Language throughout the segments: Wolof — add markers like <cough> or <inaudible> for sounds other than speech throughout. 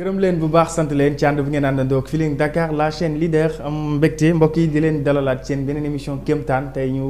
gërëm leen bu baax sant leen ci ànd bi ngeen àndandoog Feeling Dakar la chaîne leader am mbégte mbokk yi di leen dalalaat seen beneen émission kéemtaan tey ñu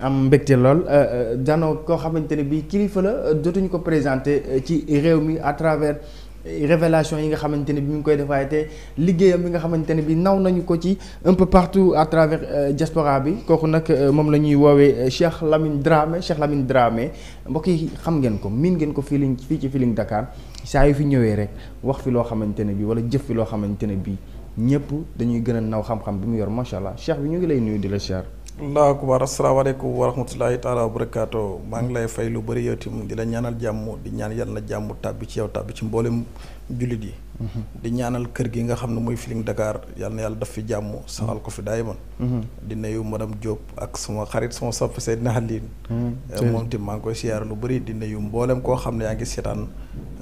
am mbégte lool euh, euh, danoo koo xamante ne bii kilifa la jotuñu ko présenté euh, ci réew mi à travers. révélation yi nga xamante ne bi mi ngi koy defaay te liggéeyam bi nga xamante ne bi naw nañu ko ci un peu partout à travers euh, diaspora bi kooku nag euh, moom la ñuy woowee euh, Cheikh Lamine Dramé Cheikh Lamine Dramé mbokk yi xam ngeen ko miin ngeen ko feeling fii ci feeling Dakar saa yu fi ñëwee rek wax fi loo xamante ne bi wala jëf fi loo xamante ne bi ñëpp dañuy gën a naw xam-xam bi mu yor macha allah Cheikh bi ñu ngi lay nuyu di la siyaar allahu akbar asalaamaaleykum wa rahmatulahi taala wa barakaatu maa ngi lay fay lu bari yow itam di la ñaanal jàmm di ñaan yàlla na jàmm tàbbi ci yow tàbbi ci mboolem jullit yi. Mhm. di ñaanal kër gi nga xam ne mooy Feeling Dakar yal na yàlla daf fi jàmm saxal ko fi daay man mhm. di nuyu madame Diop ak sama xarit sama sopp Seydina Haline mhm, eh, moom itam maa ngi koy siyaar lu bari di nuyu mboolem koo xam ne yaa ngi seetaan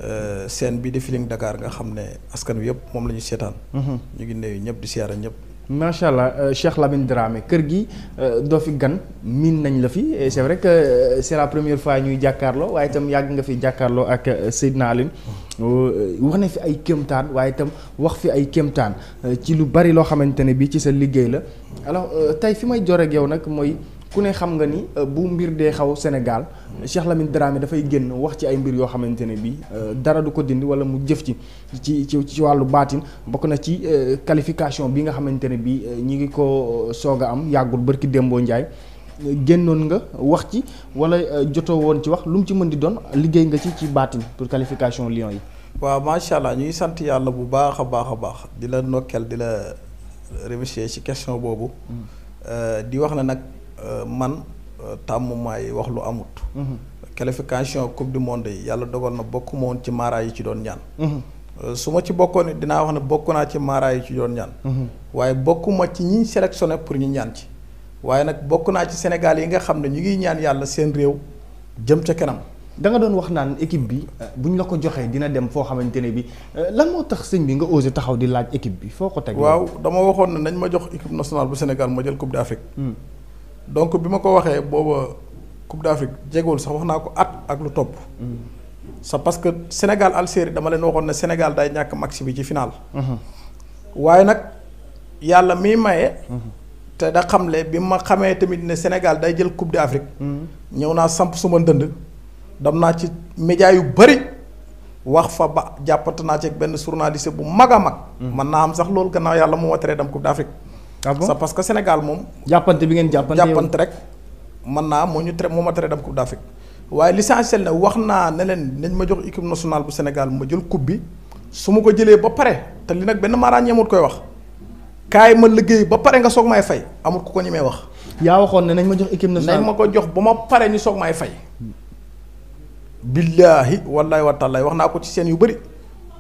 eh, scène bi di Feeling Dakar nga xam ne askan wi yëpp moom la ñu seetaan. ñëpp di siyaara ñëpp. macha allah euh, Cheikh Lamine Dramé kër gi euh, doo fi gan miin nañ la fi et c'est vrai que euh, c'est la première fois ñuy jàkkaarloo waaye itam yàgg nga fi jàkkaarlo ak Seydina Alioune oh. wax na fi ay kéemtaan waaye itam wax fi ay kéemtaan ci lu bari loo xamante ne bii ci sa liggéey la alors tey fi may jor ak yow nag mooy. ku ne xam nga ni euh, bu mbir dee xaw Sénégal Cheikh Lamine Dramé dafay génn wax ci ay mbir yoo xamante ne bii euh, dara du ko dindi wala mu jëf ci ci ci ci wàllu baatin bokk na ci euh, qualification bi nga xamante ne bii ñi ngi ko soog a am yàggul bërki démboo Ndiaye génnoon nga wax ci wala jotoo woon ci wax lu mu ci mën di doon liggéey nga ci ci baatin pour qualification Lions yi. waaw macha allah ñuy sant yàlla bu baax a baax a baax di la ndokkeel di la remercier ci question boobu mm. di wax na nag. Euh, man euh, tàmmumaay wax lu amut. Mhm. qualification coupe du monde yi yàlla dogal na bokk ma woon ci maaraay yi ci doon ñaan. Mhm. Euh, su ma ci bokkoon it dinaa wax ne bokk naa ci maaraay yi ci doon ñaan. Mhm. waaye bokkuma ci ñi sélectionné pour ñu ñaan ci. waaye nag bokk naa ci Sénégal yi nga xam ne ñu ngi ñaan yàlla seen réew jëm ca kenam danga doon wax naan équipe bi bu ñu la ko joxee dina dem foo xamante ne bi lan moo tax sëñ bi nga osé taxaw di laaj équipe bi foo ko teg. waaw dama waxoon ne nañ ma jox équipe nationale bu Sénégal ma jël coupe d'Afrique. Hmm. donc bi ma ko waxee booba Coupe d'Afrique jegewul sax wax naa ko at ak lu topp. Mm-hmm. sa parce que Sénégal Algérie dama leen waxoon ne Sénégal day ñàkk match bi ci final. Mm-hmm. waaye nag yàlla mi maye. Mm-hmm. te da xamle bi ma xamee tamit ne Sénégal day jël Coupe d'Afrique. ñëw naa samp suma ndënd. dam naa ci média yu bëri wax fa ba jàppante naa ci benn journaliste bu mag a mag. man naa am sax loolu gannaaw yàlla mu wateree dem Coupe d'Afrique. ah bon parce que Sénégal moom. jàppante bi ngeen jàppante jàppante rek. man naa moo ñu tere moo ma tere dem Coupe d'Afrique waaye l'essentiel na wax naa ne leen nañ ma jox équipe nationale bu Sénégal ma jël kub bi su ma ko jëlee ba pare te li nag benn maaraan ñemut koy wax kaay ma liggéey ba pare nga soog may fay amul ku ko ñemee wax. yaa waxoon ne nañ ma jox équipe nationale nañ ma ko jox ba ma pare ñu soog may fay. billaahi wallaahi wa taala wax naa ko ci seen yu bëri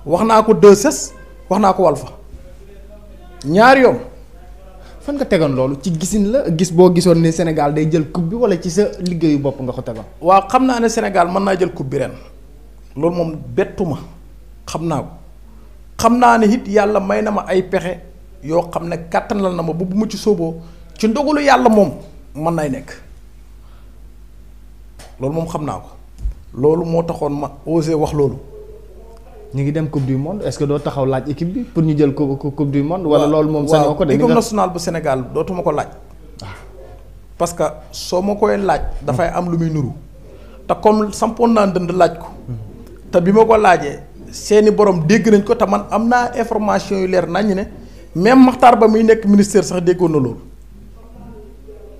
wax naa ko 2 wax naa ko Walf ñaari yoon. fan nga tegoon loolu ci gisin la gis boo gisoon ne Sénégal day jël kub bi wala ci sa liggéeyu bopp nga ko tegoon. waaw xam naa ne Sénégal mën naa jël kub bi ren loolu moom bettu ma xam naa ko xam naa ne it yàlla may na ma ay pexe yoo xam ne kàttan kàttanal na ma bu mu ci sooboo ci ndogalu yàlla moom mën nay nekk loolu moom xam naa ko loolu moo taxoon ma osé wax loolu. ñu ngi dem coupe du monde est-ce que doo taxaw laaj équipe bi pour ñu jël coupe du monde. wala loolu moom sañoo ko de. équipe nationale bu Sénégal dootuma ko laaj. Ah. parce que soo ma koy laaj. dafay am lu muy nuru. te comme sampoon naa ndënd laaj ko. te bi ma ko laajee seeni borom dégg nañ ko te man am naa information yu leer nañu ne même maxtar ba muy nekk ministère sax déggoon na loolu.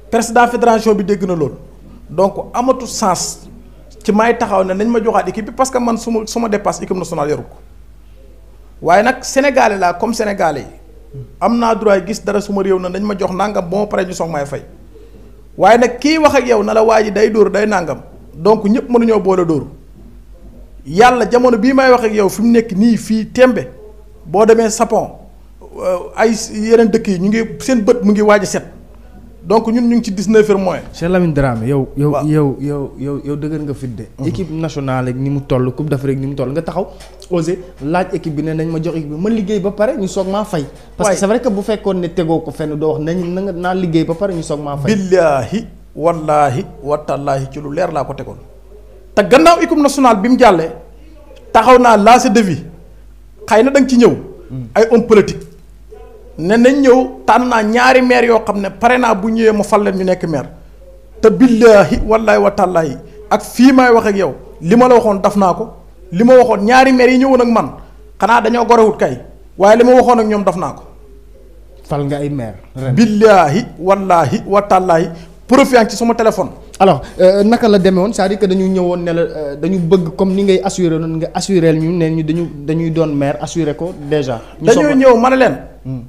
président fédération bi dégg na loolu. donc amatu sens ci may taxaw ne nañ ma joxaat équipe bi parce que man suma ma su ma dépasse équipe nationale yaru ko waaye nag sénégalais laa comme sénégalais yi am naa droit gis dara suma réew na nañ ma jox nangam ba ma pare ñu sox may fay waaye nag kii wax ak yow na la waa ji day dóor day nàngam donc ñëpp mënuñoo boole dóor yàlla jamono bii may wax ak yow fi mu nekk nii fii tembe boo demee sapon euh, ay yeneen dëkk yi ñu ngi seen bët mu ngi waaj set. donc ñun ñu ngi ci dix-neuf heures moins. Cheikh Lamine Dramé yow. yow yow yow yow yow dëgër nga fit de. Mhm. équipe nationale ak ni mu toll coupe d'Afrique ni mu toll nga taxaw osé laaj équipe bi ne nañ ma jox équipe bi ma liggéey ba pare ñu soog maa fay. parce que c'est vrai que bu fekkoon ne tegoo ko fenn doo wax nañ na nga naa liggéey ba pare ñu soog maa fay. billaahi wallaahi watallaahi ci lu leer laa ko tegoon. te gannaaw équipe nationale bi mu jàllee taxaw naa lancé de vie xëy na da nga ci ñëw. Mm. ay homme ne nañ ñëw tànn naa ñaari maire yoo xam ne pare naa bu ñëwee ma fal leen ñu nekk maire te billaahi wallaahi wa taalaahi ak fii may wax ak yow li ma la waxoon daf naa ko li ma waxoon ñaari maire yi ñëwoon ak man xanaa dañoo gorewut kay waaye li ma waxoon ak ñoom daf naa ko. fal nga ay maire billaahi wallaahi wa taalaahi profité ci suma téléphone. alors euh, naka la demee woon c'est-à-dire que dañu ñëwoon ne la euh, dañu bëgg comme ni ngay assuré noonu nga assuré ñu ne ñu dañu dañuy doon maire assuré ko déjà. ñu ñëw ma ne leen. Hmm.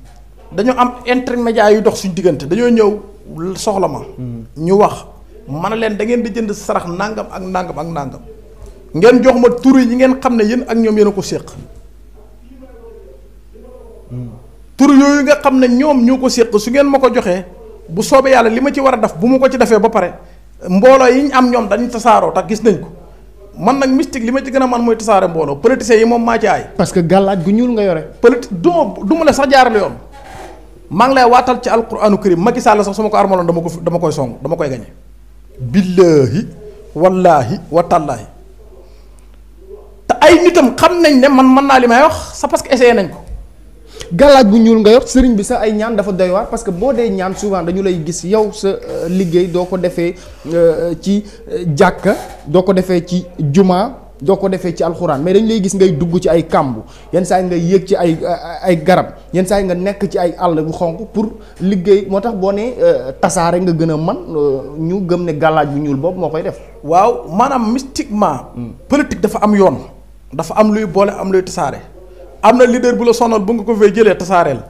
dañu am intermédiaire yu dox suñu diggante dañoo ñëw soxla ma. Hmm. ñu wax man leen da di jënd sarax nangam ak nangam ak ndàngam ngeen jox ma tur yi ñi ngeen xam ne yéen ak ñoom yéen a ko séq. Hmm. tur yooyu nga xam ne ñoom ñoo ko séq su ngeen ma ko joxee bu soobee yàlla li ma ci war a def bu ma ko ci defee ba pare mbooloo yi am ñoom dañu tasaaroo te gis nañ ko. man nag mystique li ma ci gën a man mooy tasaare mbooloo politiciens yi moom maa ci aay. parce que gàllaaj gu ñuul nga yore. politi du ma du ma la sax jaarale yoon. maa ngi lay waatal ci alquranu karim Macky Sall sax su ma ko armaloon dama ko dama koy song dama koy gañe billaahi wallaahi watallaahi te ay nitam xam nañ ne man mën naa li may wax sa parce que essayé nañ ko galaaj bu ñuul nga yor sëriñ bi sax ay ñaan dafa doy waar parce que boo dee ñaan souvent dañu lay gis yow sa euh, liggéey doo ko defee euh, ci euh, jàkka doo ko defee ci jumaa doo ko defee ci alxuraan mais dañ lay gis ngay dugg ci ay kàmb yenn saa yi nga yéeg ci ay ay garab yenn saa yi nga nekk ci ay àll bu xonq pour liggéey moo tax boo nee euh, tasaare nga gën a man euh, ñu gëm ne gàllaaj bu ñuul boobu moo koy def. waaw maanaam mystiquement. Hmm. politique dafa am yoon. dafa am luy boole am luy tasaare. am na leader bu la sonal bu nga ko fay jëlee tasaareel.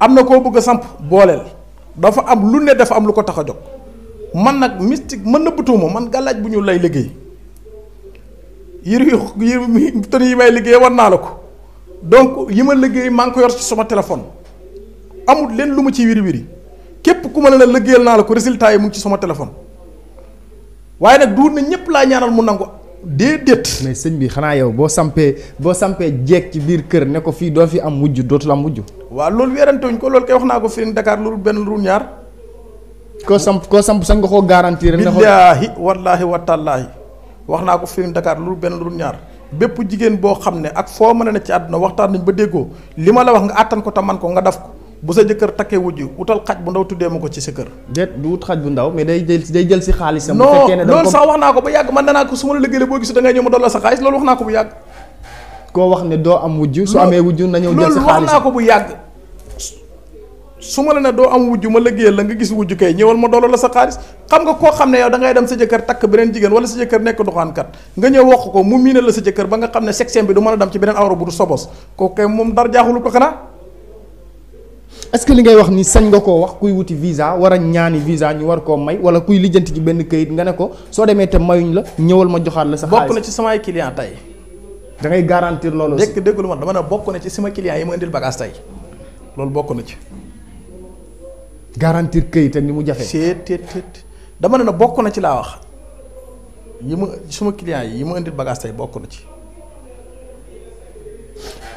am na koo bëgg samp booleel. dafa am lu ne dafa am lu ko tax a jóg. man nag mystique man nëbbatuuma man gàllaaj bu ñuul lay liggéey. yére yi yi may liggéey war naa la ko donc yi ma liggéey maa ko yor ci sama téléphone amul leen lu ma ci wiri wiri képp ku ma ne la liggéeyal naa la ko résultat yi mu ci sama téléphone waaye nag duur na ñëpp laa ñaanal mu nangu déedéet. mais sëñ bi xanaa yow boo sampee boo sampee jeeg ci biir kër ne ko fii doo fi am mujj dootul am mujj. waaw loolu weerante wuñ ko loolu kay wax naa ko fii Dakar loolu benn lu ñaar. koo samp koo samp sax nga koo garantir. billaahi wallaahi wax naa ko fi mu Dakar lu benn lu ñaar bépp jigéen boo xam ne ak foo mën a ne ci àdduna waxtaan nañ ba déggoo li ma la wax nga àttan ko te man ko nga def ko bu sa jëkkër takkee wujj utal xaj bu ndaw tuddee ma ko ci sa kër. de du wut xaj bu ndaw mais day jël day jël si xaalisam. bu fekkee ne non loolu sax wax naa ko ba yàgg man nee naa ko su ma la liggéeyee boo gis da ngay ñëw ma dollal sa xaalis loolu wax naa ko bu yàgg. koo wax ne doo am wujj. su amee wujj na ñëw jël si xaalis loolu wax naa ko bu yàgg su ma la ne doo am wujj ma liggéeyal la nga gis wujj kay ñëwal ma doolo la sa xaalis xam nga koo xam ne yow da dem sa jëkkër takk beneen jigéen wala sa jëkkër nekk doxaankat nga ñëw wax ko mu miinal la sa jëkkër ba nga xam ne sexem bi du mën a dem ci moom dara jaaxulu ko xanaa est-ce que li ngay wax ni sañ nga koo wax kuy wuti visa war a ñaani visa ñu war koo may wala kuy lijjanti ci benn këyit nga ne ko soo demee te mayuñ la ñëwal ma joxaat la sa xaalis bokk na ci samay client tey da ngay garantir loolu dégg dégglu ma dama ne bokk na ci sama client yi ma indil loolu bokk na ci garantir këyit ak mu jafe. seet teet teet dama ne na bokk na ci laa wax yi ma suma client yi yi ma indi bagage tey bokk na ci.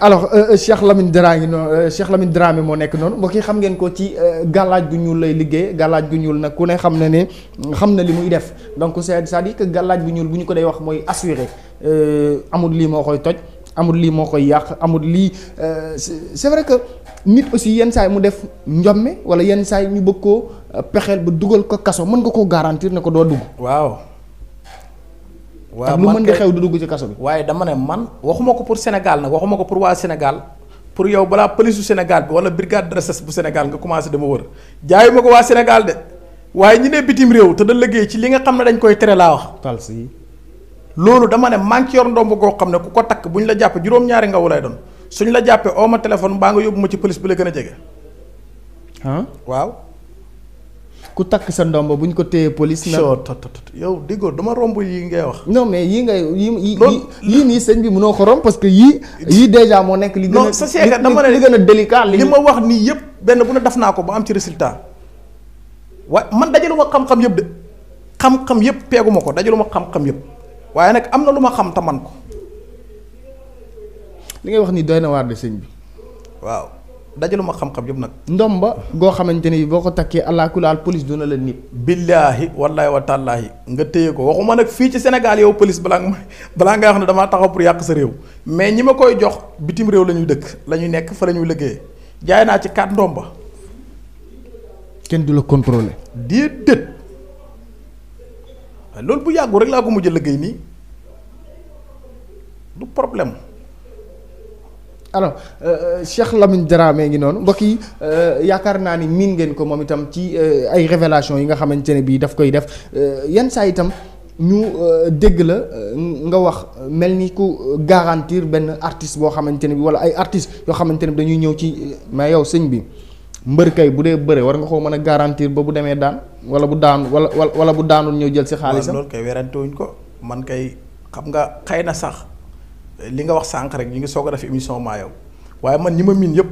alors euh, euh, Cheikh Lamine Dramé noonu euh, Cheikh Lamine Dramé moo nekk noonu mbokk yi xam ngeen ko ci gàllaaj gu ñuul lay liggéey gàllaaj gu ñuul nag ku ne xam ne ne xam na li muy def donc cest à di que gàllaaj bu ñuul bu ñu ko day wax mooy assuré amul lii moo koy toj. amul lii moo koy yàq amul lii euh, c'est vrai que nit aussi yenn saay mu def njomme wala yenn saay ñu bëgg koo euh, pexeel ba dugal ko kaso mën nga koo garantir ne ko doo dugg. waaw. waaw lu mën di xew dugg ci kaso bi. waaye dama ne man waxuma ko pour Sénégal nag waxuma ko pour waa Sénégal pour yow balaa police su Sénégal bi wala brigade de recherche bu Sénégal nga commencé dama wër jaayuma ko waa Sénégal de waaye ñu ne bitim réew te da liggéey ci li nga xam ne dañ koy tere laa wax. loolu dama ne maa yor ndomb goo xam ne ku ko takk bu ñu la jàpp juróom-ñaari ngaw doon suñ la jàppee oo ma téléphone mbaa nga yóbbu ma ci police bi la gën a jege. ah waaw. ku takk sa ndomb bu ñu ko téyee police. na yow diggoo dama romb yi ngay wax. non mais yii ngay yii yii nii sëñ bi mënoo ko romb parce que yii. yii déjà moo nekk li. gën a li gën a délicat li ma wax nii yëpp benn bu ne def naa ko ba am ci résultat waaye man dajalu ma xam-xam yëpp de xam-xam yëpp peegu ko dajalu ma xam yëpp waaye nag am na lu ma xam taman ko. li ngay wax ni doy na waar de sëñ bi. waaw dajalu ma xam-xam yëpp nag. ndomba goo xamante ni boo ko takkee allah kulaal police duna la nit. billaahi wallaahi wa taalaahi nga téye ko waxuma nag fii ci Sénégal yow police balaa nga <laughs> balaa nga wax ne damaa taxaw pour yàq sa réew mais ñi ma koy jox bitim réew la ñuy dëkk lañu nekk fa la ñuy liggéey jaay naa ci quatre ndomba. kenn du la contrôler déedéet loolu bu yàggu rek laa ko mujj a liggéey nii du problème. alors euh, euh, Cheikh Lamine Dramé ngi noonu mbokk yi euh, yaakaar naa ni miin ngeen ko moom itam ci ay révélation yi nga xamante ne bii daf koy def yan saa itam ñu dégg la nga wax mel ni ku garantiir benn artiste boo xamante ne bi wala ay artiste yoo xamante ne bi dañuy ñëw ci mais yow sëñ bi mbër kay bu dee bëre war nga koo mën a garantir ba bu demee daan. wala bu daanu wala wala bu daanul ñëw jël si xaalisam loolu kay werantewuñ ko man kay xam nga xëy na sax li nga wax sànq rek ñu ngi soog a def émission maa yow waaye man ñi ma miin yëpp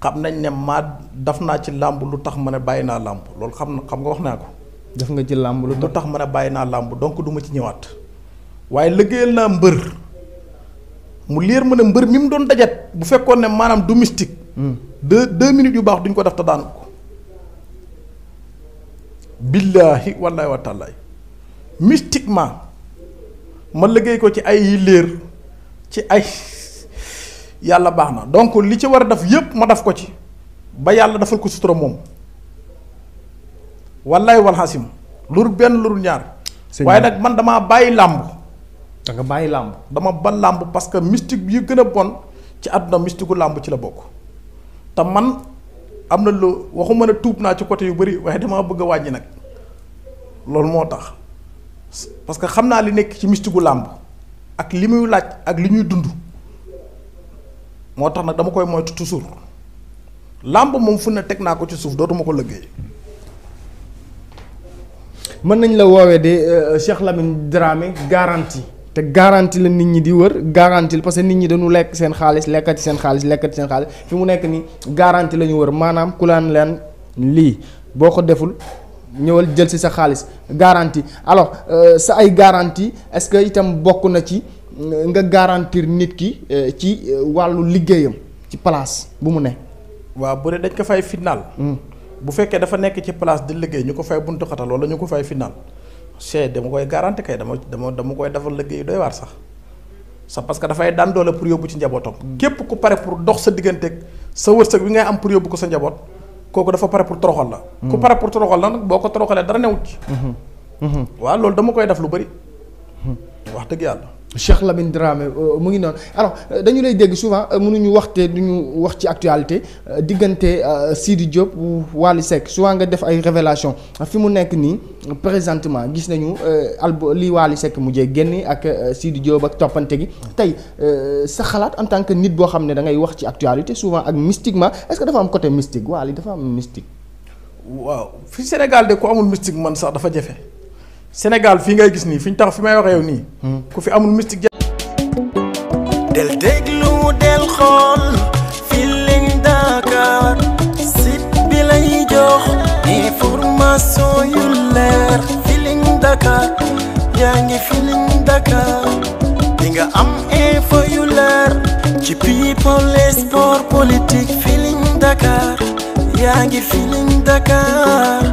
xam nañ ne maa daf naa ci làmb lu tax ma ne bàyyi naa làmb loolu xam na xam nga wax naa ko. def nga ci làmb lu tax ma ne bàyyi naa làmb donc du ci ñëwaat waaye liggéeyal naa mbër mu leer ma ne mbër mi mu doon dajat bu fekkoon ne maanaam domestique. Hmm. deux deux minutes yu baax duñ ko def te daan billaahi wallaahi wa taalaay mystiquement ma liggéey ko ci ay léer ci ay yàlla baax na donc li ci war a def yépp ma def ko ci ba yàlla defal ko sutura moom wallaay walxasim lur benn lur ñaar waaye nag man damaa bàyyi làmb da nga bàyyi làmb dama ba làmb parce que bi yi gën a bon ci àdduna mystiqueu làmb ci la bokk te man am na lu waxuma ne tuub naa ci côté yu bëri waaye damaa bëgg a wàññi nag loolu moo tax parce que xam naa li nekk ci mystique làmb ak li muy laaj ak li muy dund moo tax nag dama koy moytu toujours làmb moom fu ne teg naa ko ci suuf dootuma ko liggéey. mën nañ la woowee de euh, Cheikh Lamine Dramé garantie. te garanti la nit ñi di wër garanti la parce que nit ñi dañu lekk seen xaalis lekkati seen xaalis lekkati seen xaalis fi mu nekk nii garanti la ñu wër maanaam ku laan leen lii boo ko deful ñëwal jël si sa xaalis garanti alors euh, sa ay garanti est-ce que itam bokk na ci euh, nga garantir nit ki euh, ci wàllu liggéeyam ci place bu mu ne. waa bu dee dañ ko fay final. Hmm. bu fekkee dafa nekk ci place di liggéey ñu ko fay buntu xatal wala ñu ko fay final. che dama koy garanti kay dama dama dama koy defal liggéey doy waar sax sa parce que dafay daan doole pour yóbbu ci njabootam képp ku pare pour dox sa digganteeg sa wërsëg bi ngay am pour yóbbu ko sa njaboot kooku dafa pare pour toroxal la hmm. ku pare pour toroxal la nag boo ko toroxalee dara newut ci hmm. Hmm. loolu dama koy def lu bari wax dëgg yàlla Cheikh Lamine Dramé euh, mu ngi noonu alors euh, dañu lay dégg souvent euh, mënuñu waxte duñu wax ci actualité diggante Sidi Diop Wally Seck souvent nga def ay révélation fi mu nekk nii présentement gis nañu albu li Wally Seck mujjee génn ak Sidi Diop ak toppante gi tey sa xalaat en tant que nit boo xam ne da ngay wax ci actualité souvent ak mystiquement est-ce que dafa am côté mystique Wally dafa am mystique waaw fi Sénégal de ko amul mystique man sax dafa jafe Sénégal fii ngay gis nii fi tax fi may waxee yow nii. Hmm. ku fi amul mystique. del déglu del xool Feeling Dakar site bi lay jox information yu leer Feeling Dakar yaa ngi Feeling Dakar di am info yu leer ci people sport politique Feeling Dakar yaa ngi Feeling Dakar.